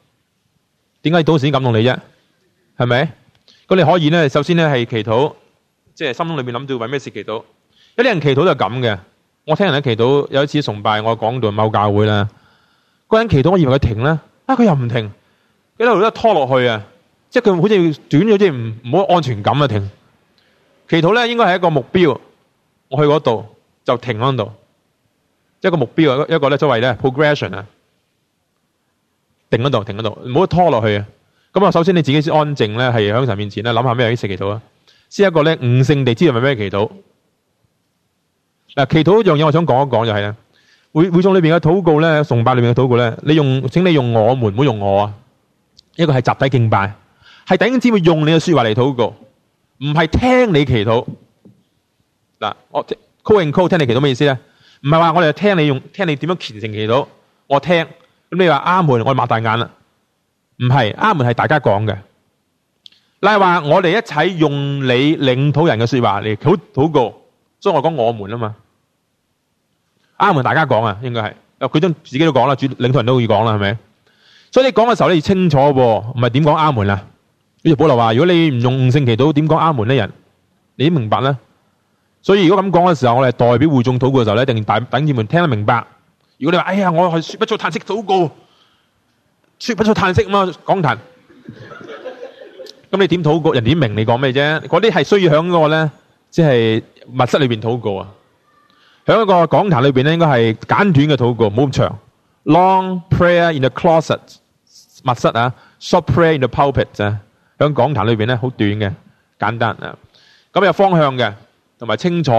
點解到時先感動你啫？係咪？咁你可以咧，首先咧係祈禱，即係心中裏邊諗住為咩事祈禱。有啲人祈禱就咁嘅。我聽人喺祈禱，有一次崇拜我講到某教會啦，嗰人祈禱，我以為佢停啦，啊佢又唔停，他不停他一路都拖落去啊！即係佢好似短咗啲，唔唔好安全感啊停！停祈禱咧，應該係一個目標。我去嗰度就停喺度，一個目標，一個一個咧，周圍咧 progression 啊。停嗰度，停嗰度，唔好拖落去啊！咁啊，首先你自己先安靜咧，係喺神面前咧，諗下咩嘢要食祈禱啊！先一個咧，悟性地知道係咩祈禱。嗱，祈禱一樣嘢，我想講一講就係啦。會會眾裏邊嘅禱告咧，崇拜裏邊嘅禱告咧，你用，請你用我們，唔好用我啊！一個係集體敬拜，係頂尖會用你嘅說話嚟禱告，唔係聽你祈禱。嗱，我 call in call 聽你祈禱咩意思咧？唔係話我哋係聽你用，聽你點樣虔誠祈禱，我聽。咁你話阿門，我擘大眼啦，唔係，阿門係大家講嘅，係話我哋一齊用你領土人嘅說話嚟討禱告，所以我講我們啦嘛，阿門大家講啊，應該係，佢將自己都講啦，主領土人都會講啦，係咪？所以你講嘅時候，你要清楚，唔係點講阿門啦，啊？呢度保羅話，如果你唔用五聖祈禱，點講阿門呢人？你明白啦。所以如果咁講嘅時候，我哋代表會眾禱告嘅時候咧，一定大等你們聽得明白。如果你話哎呀，我係說不出嘆息禱告，說不出嘆息嘛講壇，咁你點禱告？人點明你講咩啫？嗰啲係需要響個咧，即係密室裏邊禱告啊！響一個講壇裏邊咧，應該係簡短嘅禱告，唔好咁長。Long prayer in the closet，密室啊；short prayer in the pulpit，就響講壇裏邊咧，好短嘅，簡單啊。咁有方向嘅，同埋清楚，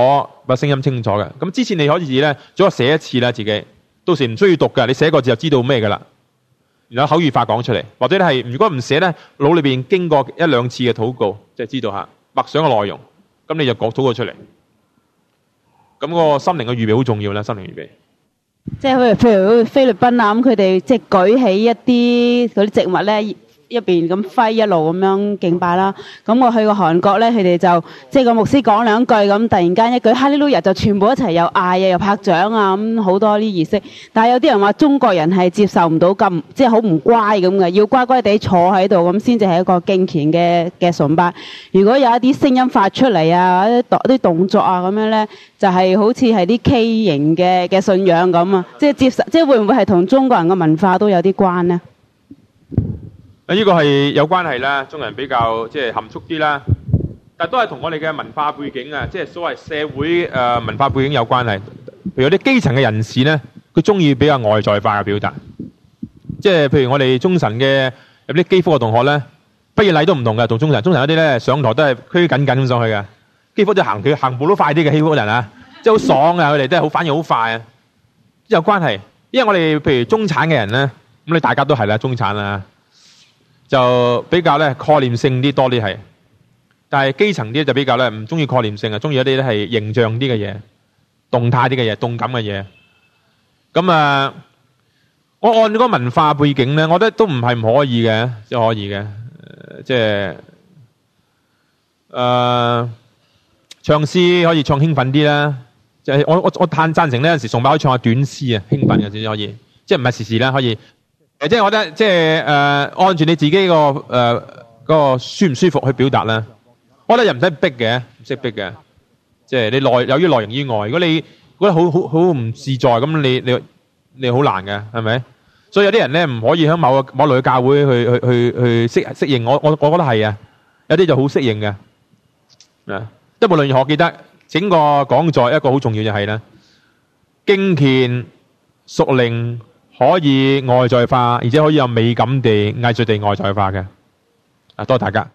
把聲音清楚嘅。咁之前你可以咧，再寫一次啦，自己。到時唔需要讀噶，你寫個字就知道咩噶啦，然後口語化講出嚟。或者你係如果唔寫咧，腦裏邊經過一兩次嘅禱告，即係知道吓默想嘅內容，咁你就講禱告出嚟，咁個心靈嘅預備好重要啦，心靈預備。即係譬如譬如菲律賓啊，咁佢哋即係舉起一啲嗰啲植物咧。一邊咁揮一路咁樣敬拜啦。咁我去過韓國呢，佢哋就即係個牧師講兩句咁，突然間一句哈利路亞就全部一齊又嗌啊，又拍掌啊，咁、嗯、好多啲儀式。但係有啲人話中國人係接受唔到咁，即係好唔乖咁嘅，要乖乖地坐喺度咁先至係一個敬虔嘅嘅崇拜。如果有一啲聲音發出嚟啊，一啲動作啊咁樣呢，就係、是、好似係啲畸形嘅嘅信仰咁啊。即係接受，即係會唔會係同中國人嘅文化都有啲關呢？呢個係有關係啦，中國人比較即係含蓄啲啦，但係都係同我哋嘅文化背景啊，即係所謂社會誒文化背景有關係。譬如有啲基層嘅人士咧，佢中意比較外在化嘅表達，即係譬如我哋中神嘅有啲基福嘅同學咧，畢業禮都唔同嘅，同中神中神嗰啲咧上台都係拘緊緊咁上去嘅，基福就行佢行步都快啲嘅，基福嗰啲人啊，即係好爽啊，佢哋都係好反應好快啊，有關係。因為我哋譬如中產嘅人咧，咁你大家都係啦，中產啊。就比較咧概念性啲多啲係，但係基層啲就比較咧唔中意概念性啊，中意一啲咧係形象啲嘅嘢，動態啲嘅嘢，動感嘅嘢。咁啊、呃，我按嗰個文化背景咧，我覺得都唔係唔可以嘅，即係可以嘅，即係誒，唱詩可以唱興奮啲啦，就係、是、我我我坦贊成咧，有時崇拜可以唱下短詩啊，興奮嘅先可以，即係唔係時時咧可以。誒，即係我覺得，即係誒，按住你自己個誒嗰個舒唔舒服去表達啦。我覺得又唔使逼嘅，唔使逼嘅。即係你內由於內容以外，如果你覺得好好好唔自在，咁你你你好難嘅，係咪？所以有啲人咧唔可以喺某個某類嘅教會去去去去適適應。我我我覺得係啊，有啲就好適應嘅。誒，即係無論如何記得整個講座一個好重要就係咧，敬虔屬靈。可以外在化，而且可以有美感地、藝術地外在化嘅。啊，多謝大家。